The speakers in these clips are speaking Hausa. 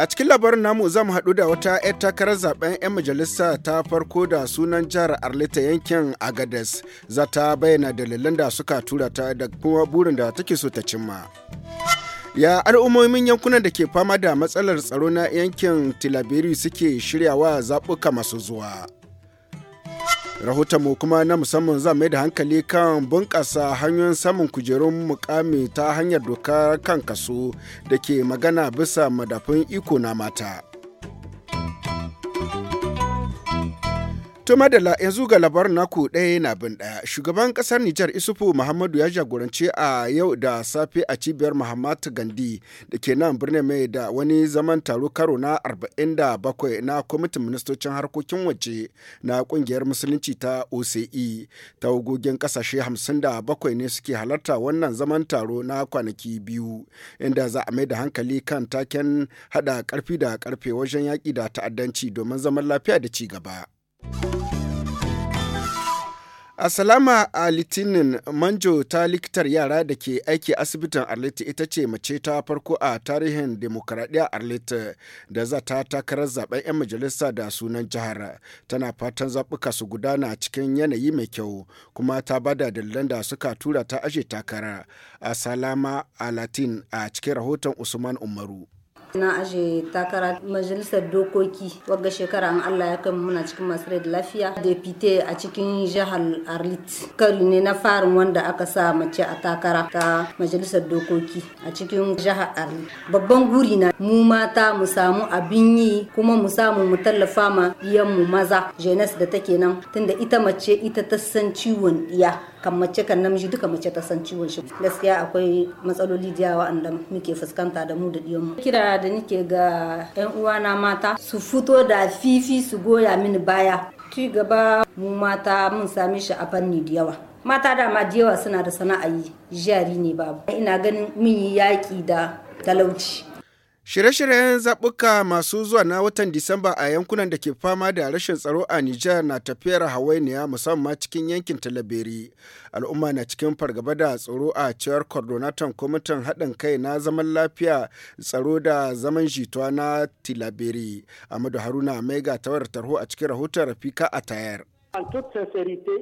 A cikin labarin namu za haɗu da wata 'yar takarar zaben 'yan majalisa ta farko da sunan jihar Arlita yankin Agades za ta bayyana dalilan da suka tura ta da kuma burin da take so ta cimma. ya al'ummomin yankunan da ke fama da matsalar tsaro na yankin tilabiri suke shiryawa zaɓuka masu zuwa. rahotonmu kuma na musamman za mai da hankali kan bunƙasa hanyoyin samun kujerun mukami ta hanyar doka kan kaso da ke magana bisa madafin iko na mata. To madalla yanzu ga labarin naku ɗaya na bin ɗaya. Shugaban ƙasar Nijar Isufu Muhammadu ya jagoranci a yau da safe a cibiyar Muhammad Gandhi da ke nan birnin mai da wani zaman taro karo na 47 na kwamitin ministocin harkokin waje na ƙungiyar musulunci ta OCE. Tawagogin ƙasashe 57 ne suke halarta wannan zaman taro na kwanaki biyu inda za a mai da hankali kan taken haɗa ƙarfi da ƙarfe wajen yaƙi da ta'addanci domin zaman lafiya da ci gaba. A salama a Litinin Manjo ta likitar yara da ke aiki asibitin Arlit ita ce mace ta farko a tarihin demokaradiyya Arlit da za ta takarar zaben 'yan majalisa da sunan jihar. Tana fatan zaɓuka su gudana cikin yanayi mai kyau kuma ta bada dalilan da suka tura ta ashe takara a salama a Latin a cikin rahoton Usman Umaru. na aje takara majalisar dokoki wadda shekara an allah ya kai muna cikin masu rai da lafiya depute a cikin jihar arlit kari ne na farin wanda aka sa mace a takara ta majalisar dokoki a cikin jihar arlit babban guri na mu mata mu samu abin yi kuma mu samu mu tallafa ma mu maza jenes da take nan tunda ita mace ita ta san ciwon iya kan mace kan namiji duka mace ta san ciwon shi gaskiya akwai matsaloli da yawa da muke fuskanta da mu da mu. kira da nake ga yan uwana mata su fito da fifi su goya mini baya ci gaba mu mata mun same shi a fanni da yawa mata dama da yawa suna da sana'a yi jari ne babu ina ganin mun yi yaƙi da talauci Shirye-shiryen zaɓuka masu zuwa na watan Disamba a yankunan da ke fama da rashin tsaro a Nijar na tafiyar hawainiya musamman cikin yankin Talaberi. Al'umma na cikin fargaba da tsaro a cewar coordinator kwamitin haɗin kai na zaman lafiya tsaro da zaman jituwa na Tilaberi. Amadu Haruna mai ga tawar tarho a cikin rahoton Rafika a Tayar.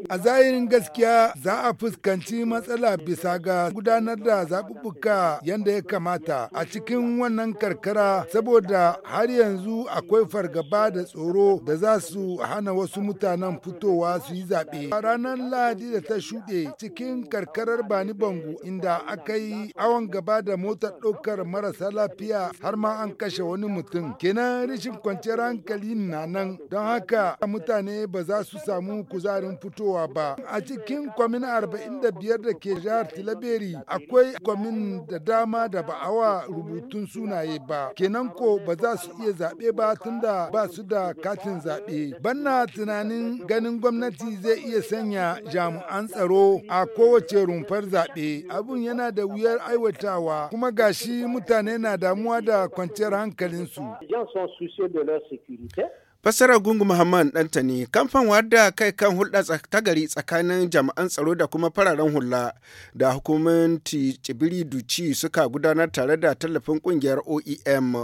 A zahirin gaskiya za a fuskanci matsala bisa ga gudanar da zaɓuɓɓuka yadda ya kamata a cikin wannan karkara saboda har yanzu akwai fargaba da tsoro da za su hana wasu mutanen fitowa su yi zaɓe. A ranar Lahadi da ta shuɗe cikin karkarar Bani Bangu inda aka yi awon gaba da motar ɗaukar marasa lafiya har ma an kashe wani mutum. Kenan rishin kwanciyar hankali na nan don haka mutane ba za su sa samu kuzarin fitowa ba. A cikin kwamin 45 da ke jihar Tilaberi akwai kwamin da dama da ba a wa rubutun sunaye ba. Kenan ko ba za su iya zaɓe ba tunda ba su da katin zaɓe. Banna tunanin ganin gwamnati zai iya sanya jami'an tsaro a kowace rumfar zaɓe. abin yana da wuyar aiwatawa kuma gashi mutane na damuwa da kwanciyar hankalinsu. Fassarar Gungu Muhammad ne kamfan wadda kai kan hulɗa ta gari tsakanin jami'an tsaro da kuma fararen hula da hukumin Tsibiri Duci suka gudanar tare da tallafin kungiyar OEM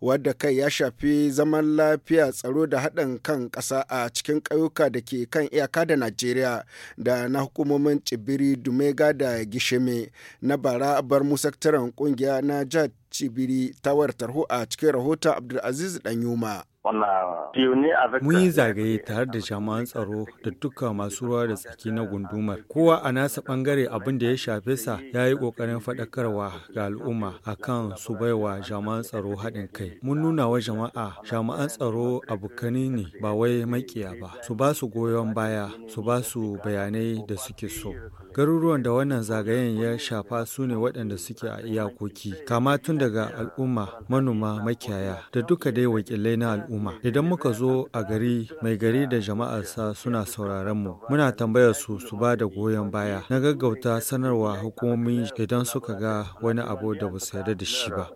wadda kai ya shafi zaman lafiya tsaro da haɗin kan ƙasa a cikin ƙauyuka da ke kan iyaka da Najeriya da na hukumomin Tsibiri Dumega da Gishime na bara bar musaktaren kungiya na jihar Tsibiri ta wayar tarho a cikin rahoton Abdulaziz Danyuma. Mun yi zagaye tare da jami'an tsaro da duka masu ruwa da tsaki na gundumar. Kowa a nasa bangare abin da ya shafe sa ya yi ƙoƙarin faɗakarwa ga al'umma a kan su baiwa jami'an tsaro haɗin kai. Mun nuna wa jama'a jami'an tsaro abokani ne ba wai maƙiya ba. Su ba su goyon baya, su ba su bayanai da suke so. Garuruwan da wannan zagayen ya shafa su ne waɗanda suke a iyakoki, kama tun daga al'umma, manoma, makiyaya da duka dai wakilai na al'umma. Idan muka zo a gari, mai gari da jama'arsa suna sauraron mu. Muna tambayar su su ba da goyon baya. Na gaggauta sanarwa hukumomi idan suka ga wani abu da ba su yarda da shi ba.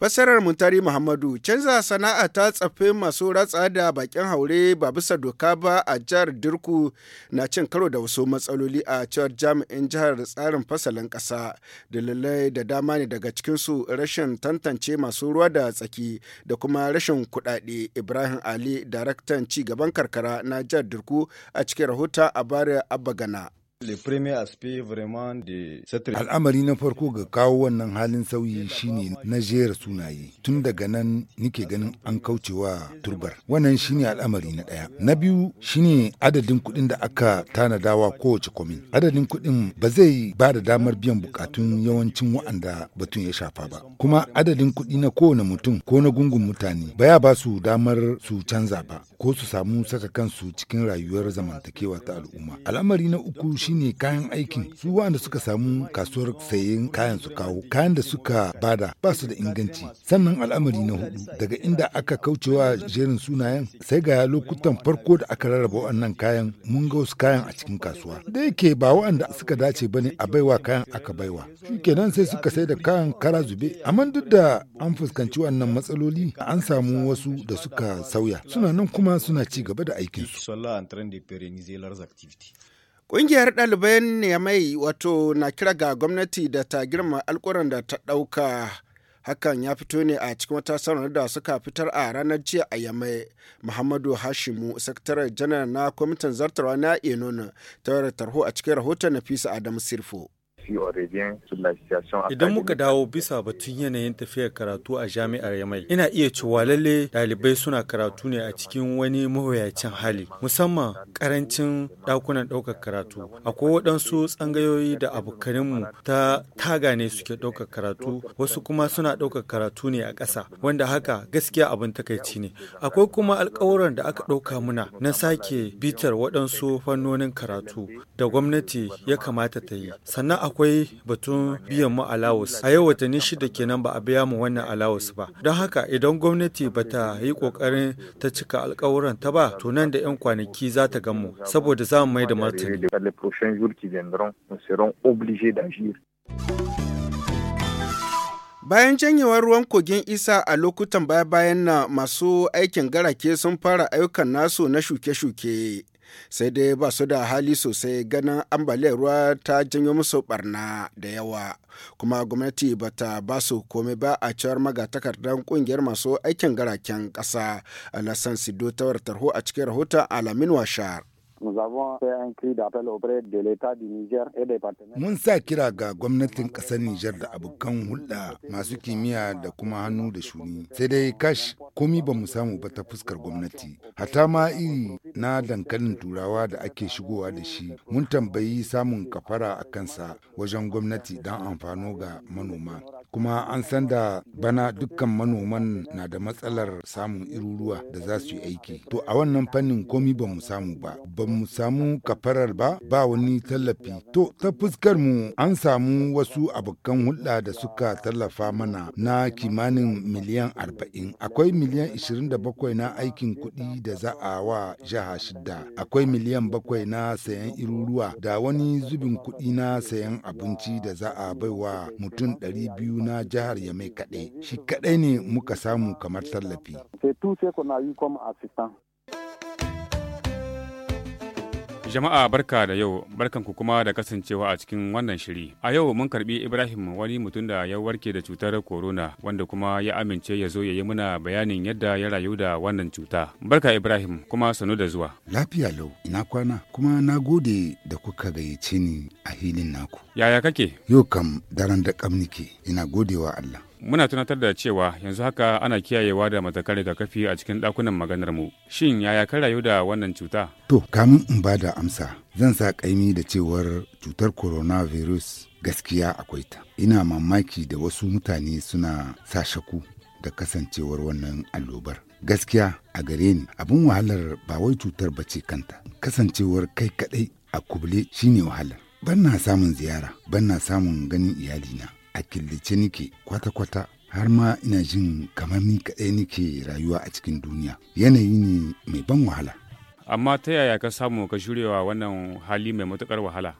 Fassarar Muntari Muhammadu canza sana'a ta tsafe masu ratsa da bakin haure ba bisa doka ba a jihar Dirku na cin karo da wasu matsaloli a cewar jami'in jihar tsarin fasalin ƙasa. Dalilai da dama ne daga cikinsu rashin tantance masu ruwa da tsaki da kuma rashin kuɗaɗe. Ibrahim Ali, daraktan ci gaban karkara na jihar Dirku a cikin rahoton a Abba Gana. Al'amari na farko ga kawo wannan halin sauyi shine na jera sunaye tun daga nan nike ganin an kaucewa turbar. Wannan shine al'amari na ɗaya. Na biyu shine adadin kuɗin da aka tanadawa kowace komin Adadin kuɗin ba zai ba da damar biyan bukatun yawancin wa'anda batun ya shafa ba. Kuma adadin kuɗi na kowane mutum ko na gungun mutane ba ya ba su damar su canza ba ko su samu saka kansu cikin rayuwar zamantakewa ta al'umma. Al'amari na uku shine shine kayan aikin su wanda suka samu kasuwar sayen kayan su kawo kayan da suka bada ba su da inganci sannan al'amari na hudu daga inda aka kaucewa jerin sunayen sai ga lokutan farko da aka rarraba wannan kayan mun ga wasu kayan a cikin kasuwa da yake ba waɗanda suka dace bane a baiwa kayan aka baiwa shikenan sai suka sai da kayan kara zube amma duk da an fuskanci wannan matsaloli an samu wasu da suka sauya suna nan kuma suna ci gaba da aikinsu. Ƙungiyar ɗaliban mai wato na kira ga gwamnati da ta girma alƙuran da ta ɗauka. Hakan ya fito ne a cikin wata sanar da suka fitar a ranar jiya a Yamai. Muhammadu Hashimu, sakataren janar na kwamitin zartarwa na Enon, ta tarho a cikin rahoton na fisa Adamu Sirfo. Idan muka dawo bisa batun yanayin tafiyar karatu a jami'ar Yamai, ina iya cewa lalle ɗalibai suna karatu ne a cikin wani mawuyacin hali, musamman karancin ɗakunan ɗaukar karatu. Akwai waɗansu tsangayoyi da abokanmu ta taga ne suke ɗaukar karatu, wasu kuma suna ɗaukar karatu ne a ƙasa, wanda haka gaskiya abin takaici ne. Akwai kuma alƙawuran da aka ɗauka muna na sake bitar waɗansu fannonin karatu da gwamnati ya kamata ta yi. Sannan akwai batun biyan mu alawus. A yau watanni shida kenan ba a biya mu wannan alawus ba. Don haka idan gwamnati ba ta yi kokarin ta cika alkawuran ta ba, to nan da 'yan kwanaki za ta gan mu saboda za mu mai da martani. Bayan janyewar ruwan kogin isa a lokutan baya-bayan na masu aikin garake sun fara ayyukan nasu na shuke-shuke. sai dai ba su da hali sosai ganin ambaliyar ruwa ta janyo musu barna da yawa kuma gwamnati ba ta ba su komai ba a cewar magatakardar kungiyar masu aikin garaken ƙasa alasan sido ta tarho a cikin rahoton alamin washar Nous avons fait de l'État Mun sa kira ga gwamnatin ƙasar Nijar da abokan hulɗa masu kimiyya da kuma hannu da shuni. Sai dai kash komi ba mu samu ba ta fuskar gwamnati. Hata ma iri na dankalin turawa da ake shigowa da shi mun tambayi samun kafara a kansa wajen gwamnati don amfano ga manoma. kuma an san da bana dukkan manoman na da matsalar samun iruruwa da za su yi aiki to a wannan fannin komi ba mu samu ba ba mu samu kafarar ba ba wani tallafi to ta fuskar mu an samu wasu abokan hulɗa da suka tallafa mana na kimanin miliyan arba'in akwai miliyan ishirin da bakwai na aikin kuɗi da za a wa jiha shidda akwai miliyan bakwai na sayan iruruwa da wani zubin kuɗi na sayan abinci da za a baiwa mutum ɗari biyu na jihar Yamai kaɗai, shi kaɗai ne muka samu kamar tallafi. Jama'a barka da yau, barkan ku kuma da kasancewa a cikin wannan shiri. A yau mun karbi Ibrahim wani mutum da ya warke da cutar corona wanda kuma ya amince ya zo ya yi muna bayanin yadda ya rayu da wannan cuta. Barka Ibrahim kuma sanu da zuwa. Lafiya lau, ina kwana kuma na gode da kuka gayyace ni a hilin naku. Yaya kake? Yau kam daren da kam ina godewa Allah. Muna tunatar da cewa yanzu haka ana kiyayewa da matakan rigakafi a cikin ɗakunan maganar mu. Shin yaya kan rayu da wannan cuta? To, kamin in ba da amsa, zan sa ƙaimi da cewar cutar coronavirus gaskiya akwai ta. Ina mamaki da wasu mutane suna sa shaku da kasancewar wannan allobar. Gaskiya a gare ni abin wahalar ba wai cutar bace kanta, kasancewar kai kaɗai a kubule shine wahalar. Ban na samun ziyara, ban na samun ganin iyalina. a killace nike kwata-kwata har ma ina jin kamar ni kaɗai nike rayuwa a cikin duniya yanayi ne mai ban wahala amma ta yaya ka samu ka shurewa wannan hali mai matuƙar wahala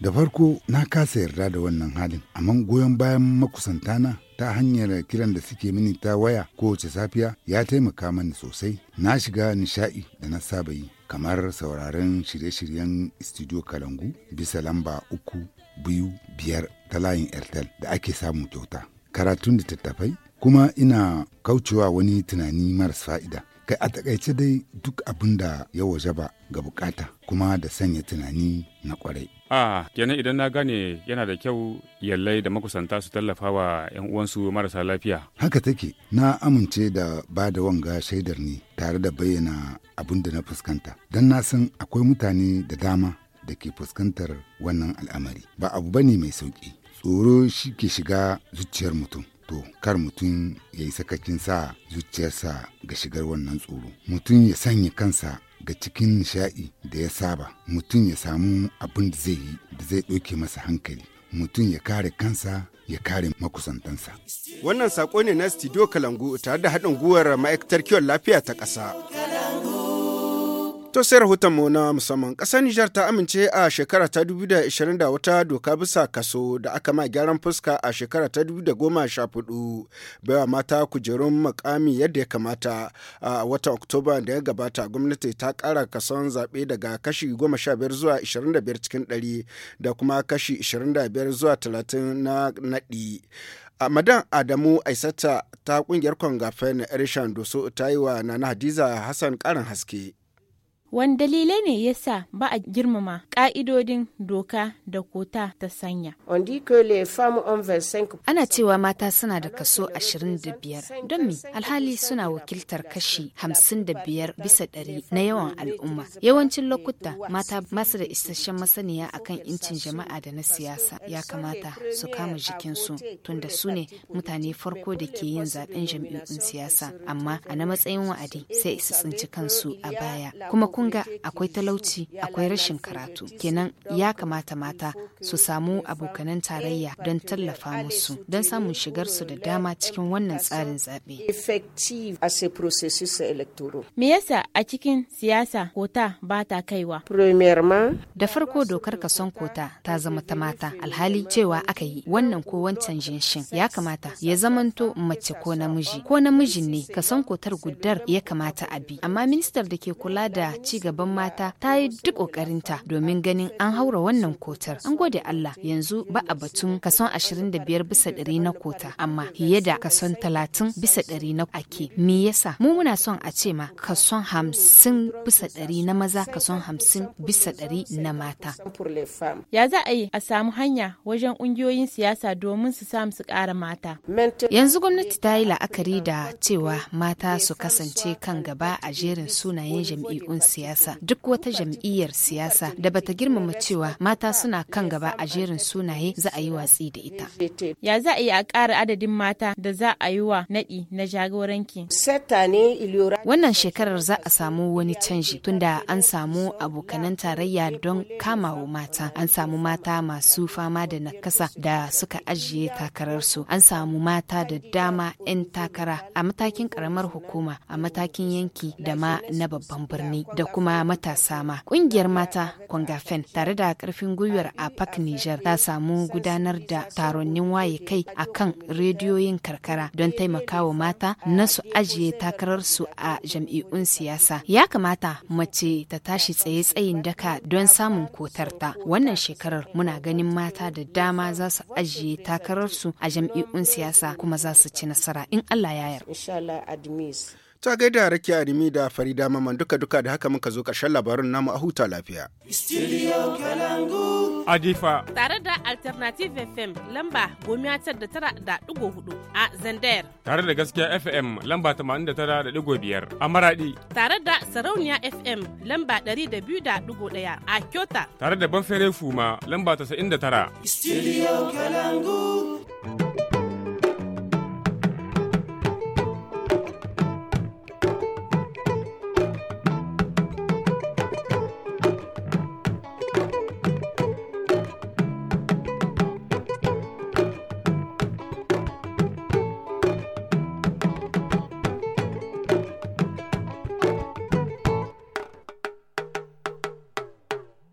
da farko na kasa yarda da wannan halin amma goyon bayan makusantana ta hanyar kiran da suke mini ta waya kowace safiya ya taimaka mani sosai na shiga nishaɗi da na saba yi kamar sauraren shirye-shiryen studio kalangu bisa lamba uku biyu biyar ta layin airtel da ake samu kyauta karatun da tattafai kuma ina kaucewa wani tunani maras fa'ida kai a takaice dai duk abin da ya waje ba ga bukata kuma da sanya tunani na kwarai a kenan idan na gane yana da kyau yallai da makusanta su tallafa wa 'yan uwansu marasa lafiya haka take na amince da ba da wanga shaidar ne tare da bayyana abin da na fuskanta don na san akwai mutane da dama da ke fuskantar wannan al'amari ba abu ba ne mai sauƙi. tsoro shi ke shiga zuciyar mutum to kar mutum ya yi sakacin sa zuciyarsa ga shigar wannan tsoro mutum ya sanya kansa ga cikin nishaɗi da ya saba mutum ya samu abin da zai yi da zai ɗauke masa hankali mutum ya kare kansa ya kare makusantansa. Wannan saƙo ne na Studio Kalangu tare da haɗin gwiwar ma'aikatar kiwon lafiya ta ƙasa. To sai rahoton mu na musamman ƙasar Nijar ta amince a shekara ta 2020 da wata doka bisa kaso da aka ma gyaran fuska a shekara ta 2014 baiwa mata kujerun makami yadda ya kamata a watan Oktoba da ya gabata gwamnati ta ƙara kason zaɓe daga kashi 15 zuwa 25 cikin 100 da kuma kashi 25 zuwa 30 na naɗi. a madan adamu aisata ta kungiyar kwangafen rishan doso ta yi wa nana hadiza hassan karin haske wani dalilai ne ya sa ba a girmama ƙa'idodin doka da kota ta sanya. Ana cewa mata suna da kaso 25 don me alhali suna wakiltar kashi 55 bisa ɗari na yawan al'umma. Yawancin lokuta mata masu da isasshen masaniya akan incin jama'a da na siyasa ya kamata su kama jikinsu tunda su ne mutane farko da ke yin zaben jam'iyyun siyasa amma a na matsayin wa'adi sai su tsinci kansu a baya kuma kun ga akwai talauci akwai rashin karatu kenan ya kamata mata su samu abokanan tarayya don tallafa musu don samun shigar su da dama cikin wannan tsarin zaɓe. Me yasa a cikin siyasa kota ba ta kaiwa? Da farko dokar kason kota ta zama ta mata alhali cewa aka yi wannan ko wancan jinshin ya kamata ya zamanto mace ko namiji ko namijin ne kason kotar gudar ya kamata a bi amma ministar da ke kula da ci gaban mata ta yi duk ƙoƙarinta domin ganin an haura wannan kotar. An gode Allah yanzu ba a batun kason 25 bisa ɗari na kota amma fiye da kason 30 bisa ɗari na ake. Me yasa mu muna son a ce ma kason 50 bisa ɗari na maza kason 50 bisa ɗari na mata. Ya za a yi a samu hanya wajen ƙungiyoyin siyasa domin su samu su ƙara mata. Yanzu gwamnati ta yi la'akari da cewa mata su kasance kan gaba a jerin sunayen jam'i'un siyasa duk wata jam'iyyar siyasa da bata girmama cewa mata suna kan gaba a jerin sunaye za a yi watsi da ita ya za a yi a ƙara adadin mata da za a yi wa naɗi na jagoranki wannan shekarar za a samu wani canji tunda an samu abokanan tarayya don kamawa mata an samu mata masu fama da nakasa da suka ajiye takararsu an samu mata da dama 'yan takara a matakin karamar hukuma a matakin yanki da ma na babban birni da kuma matasa ma. kungiyar mata Kwangafen tare da karfin gwiwar a pak Niger ta samu gudanar da taronin waye kai a kan rediyoyin karkara don taimakawa mata na su ajiye takararsu a jam'i'un siyasa. Ya kamata mace ta tashi tsaye tsayin daka don samun kotarta. Wannan shekarar muna ganin mata da dama za su ajiye takararsu a jam'i'un siyasa kuma za su ci nasara in Allah ya yarda. ta gaida rake animi da farida maman duka-duka da haka muka zo ƙarshen labarin namu a huta lafiya. Kalangu. Adifa. Tare da Alternative FM lamba gomiya da tara da digo hudu a Zandayar. Tare da gaskiya FM lamba tamanin da tara da digo biyar a Maradi. Tare da Sarauniya FM lamba ɗari da biyu da digo ɗaya a Kyota. Tare da Banfere Fuma lamba tasa'in da tara. Studio Kalangu.